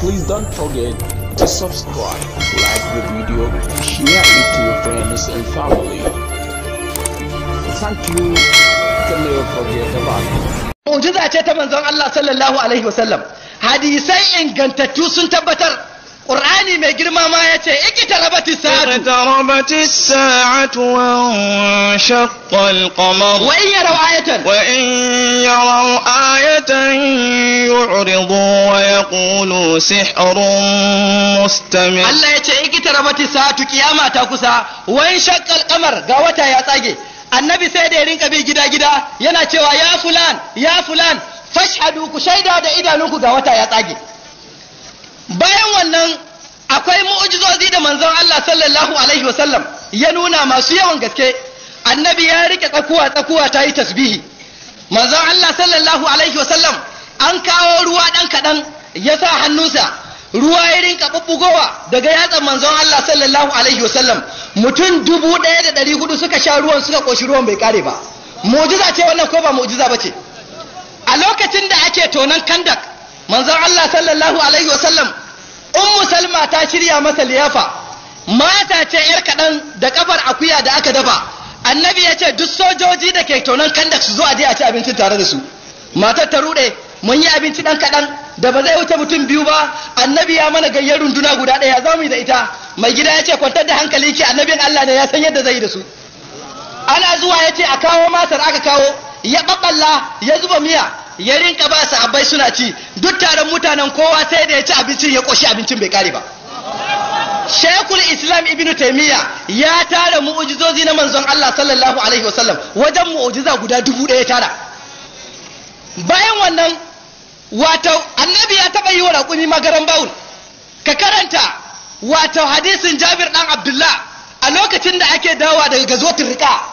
Please don't forget to subscribe, like the video, share it to your friends and family. Thank you. Can never forget about it. Mu'jiza ce ta manzon Allah sallallahu alaihi wasallam. Hadisai ingantattu sun tabbatar Ƙur'ani mai girma ma ya ce, Iki tarabati sa'atu. Iki tarabati sa'atu wa shaqqal kamar. Wa in yaraw ayatan. Wa in yaraw ayatan yu'ridu wa yaqulu sihrun mustamir. Allah ya ce, Iki tarabati sa'atu kiyama ta kusa. Wa in shaqqal ga wata ya tsage. Annabi sai da ya rinka bi gida-gida yana cewa ya fulan ya fulan fashadu ku shaida da idanunku ga wata ya tsage. bayan wannan akwai mu'ujizozi da manzon Allah sallallahu alaihi wasallam ya nuna masu yawan gaske annabi ya rike tsakuwa tsakuwa ta yi tasbihi manzon Allah sallallahu alaihi wasallam an kawo ruwa dan kadan ya sa hannunsa ruwa ya rinka bubbugowa daga yatsan manzon Allah sallallahu alaihi wasallam mutum dubu ɗaya da ɗari hudu suka sha ruwan suka koshi ruwan bai kare ba Mu'ujiza ce wannan ko ba mu'ujiza ba ce a lokacin da ake tonon kandak manzon Allah sallallahu alaihi wasallam ummu salma ta shirya masa liyafa mata ce yar kaɗan da ƙafar akuya da aka dafa annabi ya ce duk sojoji da ke tonon kandak su zo a je a ci abinci tare da su matar ta ruɗe mun yi abinci ɗan kaɗan da ba zai wuce mutum biyu ba annabi ya mana gayyar runduna guda ɗaya za mu yi da ita mai gida ya ce kwantar da hankali ki annabin allah ne ya san yadda zai yi da su ana zuwa ya ce a kawo matar aka kawo ya ɓaɓɓalla ya zuba miya ya rinka ba su abai suna ci duk taron mutanen kowa sai da ya ci abincin ya koshi abincin bai kare ba Shekul Islam Ibn Taimiyya ya tara mu'ujizozi na manzon Allah sallallahu alaihi wasallam wajen mu'ujiza guda dubu ɗaya tara. Bayan wannan wato annabi ya taɓa yi wa raƙumi magaran bawul ka karanta wato hadisin Jabir ɗan Abdullah a lokacin da ake dawa daga gazotin riƙa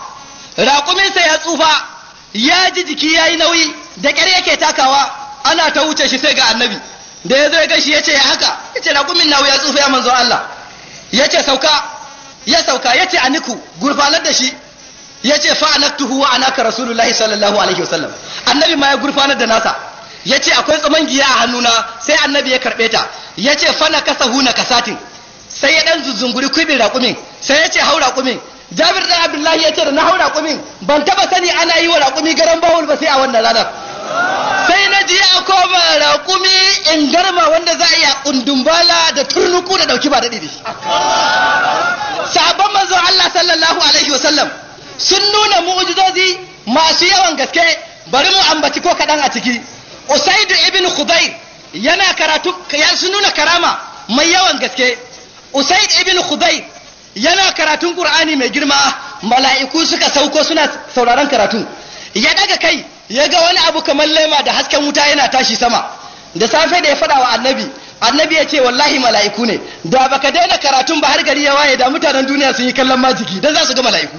raƙuminsa ya tsufa ya ji jiki ya yi nauyi da ƙyare yake takawa ana ta wuce shi sai ga annabi da ya zo ya gashi ya ce ya haka ya ce raƙumin nawu ya tsufa ya manzo Allah ya ce sauka ya sauka ya ce aniku gurfanar da shi ya ce fa a wa anaka rasulullahi sallallahu alaihi wasallam annabi ma ya gurfanar da nasa ya ce akwai tsaman giya a hannuna sai annabi ya karɓe ta ya ce fana kasa huna kasatin sai ya ɗan zuzzunguri kwibin raƙumin sai ya ce hau raƙumin jabir da abdullahi ya ce da na hau raƙumin ban taba sani ana yi wa raƙumi garan bahul ba sai a wannan ranar sai na ji a koma raƙumi in garma wanda za a iya kundumbala da turnuku da ɗauki ba daɗi ne sabon manzo allah sallallahu alaihi wasallam sun nuna mu'ujizozi masu yawan gaske bari mu ambaci ko kaɗan a ciki usaidu ibn khudair yana karatu ya sun nuna karama mai yawan gaske usaid ibn khudair yana karatun qur'ani mai girma mala'iku suka sauko suna sauraron karatu ya daga kai ya ga wani abu kamar lema da hasken wuta yana tashi sama da safe da ya fada wa annabi annabi ya ce wallahi mala'iku ne da baka daina karatun ba har gari ya waye da mutanen duniya sun yi kallon majiki dan za su ga mala'iku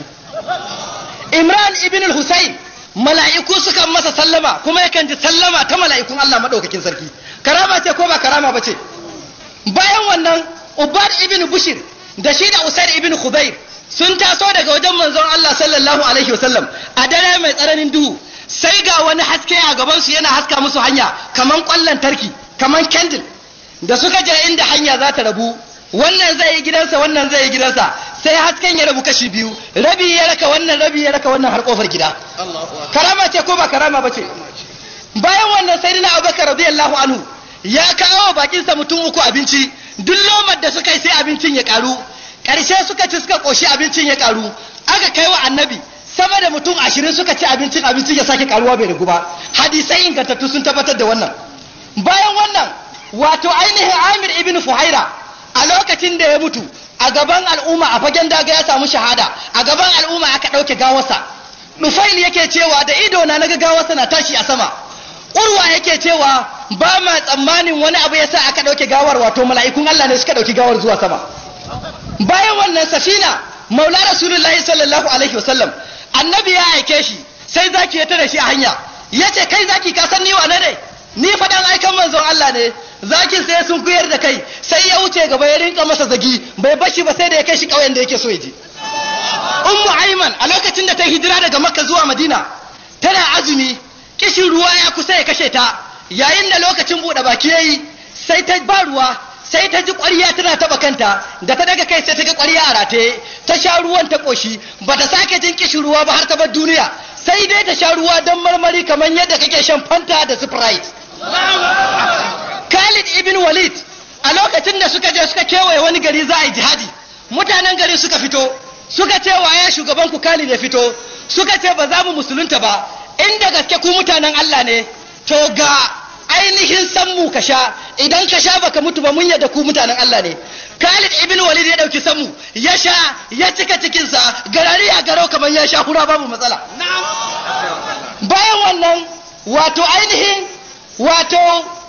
imran ibn al-husayn mala'iku suka masa sallama kuma yakan ji sallama ta mala'ikun Allah madaukakin sarki karama ce ko ba karama bace bayan wannan ubar ibn bushir da shi da usaid ibn khubayr sun taso daga wajen manzon Allah sallallahu alaihi wasallam a dare mai tsananin duhu sai ga wani haske a gaban su yana haska musu hanya kaman kwallon tarki kaman candle da suka je inda hanya za ta rabu wannan zai yi gidansa wannan zai yi gidansa sai hasken ya rabu kashi biyu rabi ya raka wannan rabi ya raka wannan har kofar gida karama ce ko ba karama bace? bayan wannan sai dina abubakar radiyallahu anhu ya kawo bakinsa mutum uku abinci duk lomar da suka yi sai abincin ya karu ƙarshe suka ci suka ƙoshi abincin ya karu aka kai wa annabi sama da mutum ashirin suka ci abincin abincin ya sake karuwa bai ragu ba hadisai ingantattu sun tabbatar da wannan bayan wannan wato ainihin amir ibn fuhaira a lokacin da ya mutu a gaban al'umma a fagen daga ya samu shahada a gaban al'umma aka ɗauke gawarsa nufail yake cewa da ido na ga gawarsa na tashi a sama urwa yake cewa ba ma tsammanin wani abu ya sa aka ɗauke gawar wato mala'ikun Allah ne suka ɗauki gawar zuwa sama bayan wannan safina maula rasulullahi sallallahu alaihi wasallam annabi ya aike shi sai zaki ya tare shi a hanya Ya ce kai zaki ka san ni wane ne ni faɗan aikan manzon Allah ne zakin sai sun kuyar da kai sai ya wuce gaba ya rinka masa zagi bai bashi ba sai da ya kai shi ƙauyen da yake so ya je ummu aiman a lokacin da ta yi hijira daga makka zuwa madina tana azumi kishin ruwa ya kusa ya kashe ta yayin da lokacin buɗe baki ya yi sai ta ba ruwa sai ta ji ƙwariya tana taɓa kanta da ta daga kai sai ta ga ƙwariya a rataye ta sha ruwan ta ƙoshi ba ta sake jin kishin ruwa ba har ta bar duniya sai dai ta sha ruwa don marmari kamar yadda kake shan fanta da sprite khalid ibn walid a lokacin da suka je suka kewaye wani gari za a yi jihadi mutanen gari suka fito suka ce wa shugaban ku khalid ya fito suka ce ba za mu musulunta ba in da gaske ku mutanen Allah ne to ga ainihin mu ka sha idan ka sha baka mutu ba mun yadda ku mutanen Allah ne Khalid ibn Walid ya dauki mu ya sha ya cika cikinsa garari a garo kamar ya sha kura babu matsala bayan wannan wato ainihin wato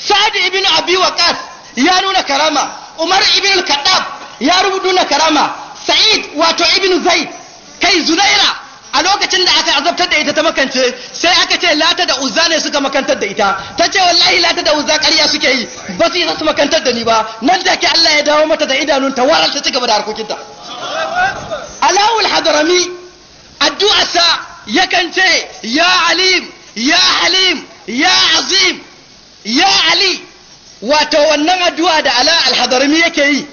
Sa'ad ibn Abi Waqas ya nuna karama Umar ibn al-Khattab ya rubuta karama Sa'id wato ibn Zaid kai Zunaira a lokacin da aka azabtar da ita ta makance sai aka ce lata da uzza ne suka makantar da ita ta ce wallahi lata da uzza ƙarya suke yi ba su yi su makantar da ni ba nan da ke Allah ya dawo mata da idanun ta warar ta cigaba da harkokinta alawul hadrami addu'arsa yakan ce ya alim ya halim ya azim ya ali wato wannan addu'a da ala al yake yi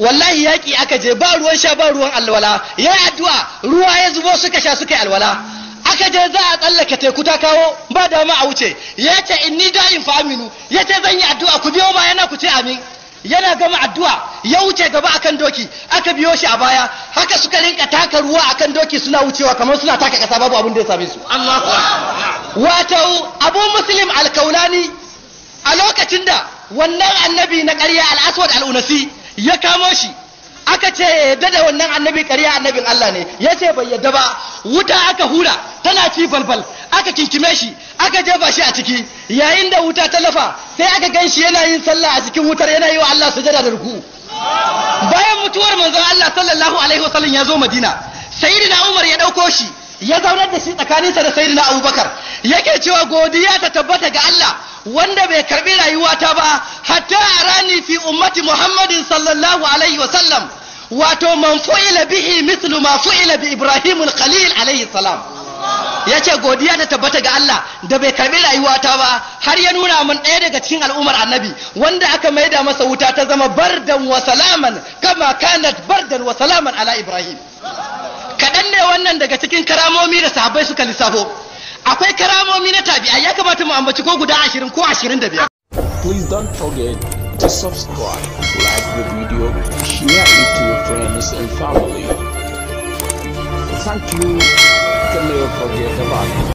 wallahi yaƙi aka je ba ruwan sha ba ruwan alwala ya addu'a ruwa ya zubo suka sha suka yi alwala aka je za a tsallaka teku ta kawo ba dama a wuce ya ce inni in fa aminu ya ce zan yi addu'a ku biyo ba yana ku ce amin yana gama addu'a ya wuce gaba akan doki aka biyo shi a baya haka suka rinka taka ruwa akan doki suna wucewa kamar suna taka kasa babu abin da ya same su wato abu muslim alkaulani a lokacin da wannan annabi na ƙarya al-aswad al-unasi ya kamo shi aka ce ya yadda da wannan annabi ƙarya annabin Allah ne ya ce bai yadda ba wuta aka hura tana ci balbal aka kinkime shi aka jefa shi a ciki yayin da wuta ta lafa sai aka gan shi yana yin sallah a cikin wutar yana yi wa Allah sujada da ruku bayan mutuwar manzon Allah sallallahu alaihi wasallam ya zo Madina sayyidina Umar ya dauko shi ya zaunar da shi tsakaninsa da sayyidina abubakar yake cewa godiya ta tabbata ga Allah wanda bai karbi rayuwata ba hatta arani fi ummati muhammadin sallallahu alaihi wasallam wato man fu'ila bihi mithlu ma fu'ila bi ibrahim al-khalil alaihi salam yace godiya ta tabbata ga Allah da bai karbi rayuwata ba har ya nuna min ɗaya daga cikin al'ummar annabi wanda aka maida masa wuta ta zama bardan wa salaman kama kanat bardan wa salaman ala ibrahim kaɗan ne wannan daga cikin karamomi da sahabbai suka lissafo akwai karamomi na tabi'a ya kamata mu ambaci ko guda ashirin ko ashirin da biyar. please don't forget to subscribe like the video share it to your friends and family thank you can never forget about it.